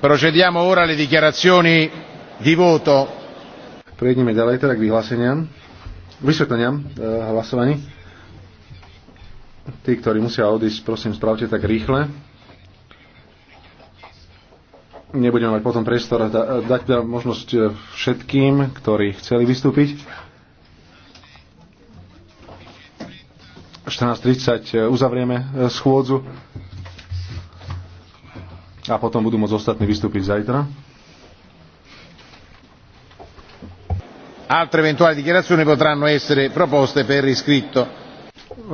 Procediamo ora alle dichiarazioni di voto. Prejdeme ďalej teda k vyhláseniam, vysvetleniam e, hlasovaní. Tí, ktorí musia odísť, prosím, spravte tak rýchle. Nebudeme mať potom priestor da, dať teda možnosť eh, všetkým, ktorí chceli vystúpiť. 14.30 eh, uzavrieme schôdzu a potom budú môcť ostatní vystúpiť zajtra. Altre eventuali dichiarazioni potranno essere proposte per iscritto.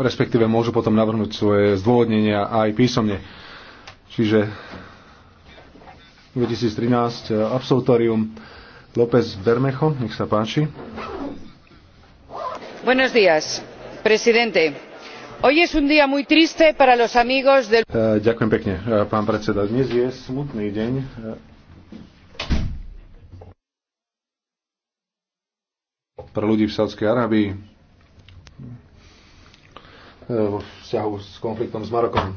Respektíve môžu potom navrhnúť svoje zdôvodnenia aj písomne. Čiže 2013 eh, absolutorium López Bermejo, nech sa páči. Buenos días, presidente Hoy es un día muy triste para los amigos del... Eh, ďakujem pekne, eh, pán predseda. Dnes je smutný deň eh, pre ľudí v Sádskej Arábii vo vzťahu s konfliktom s Marokom.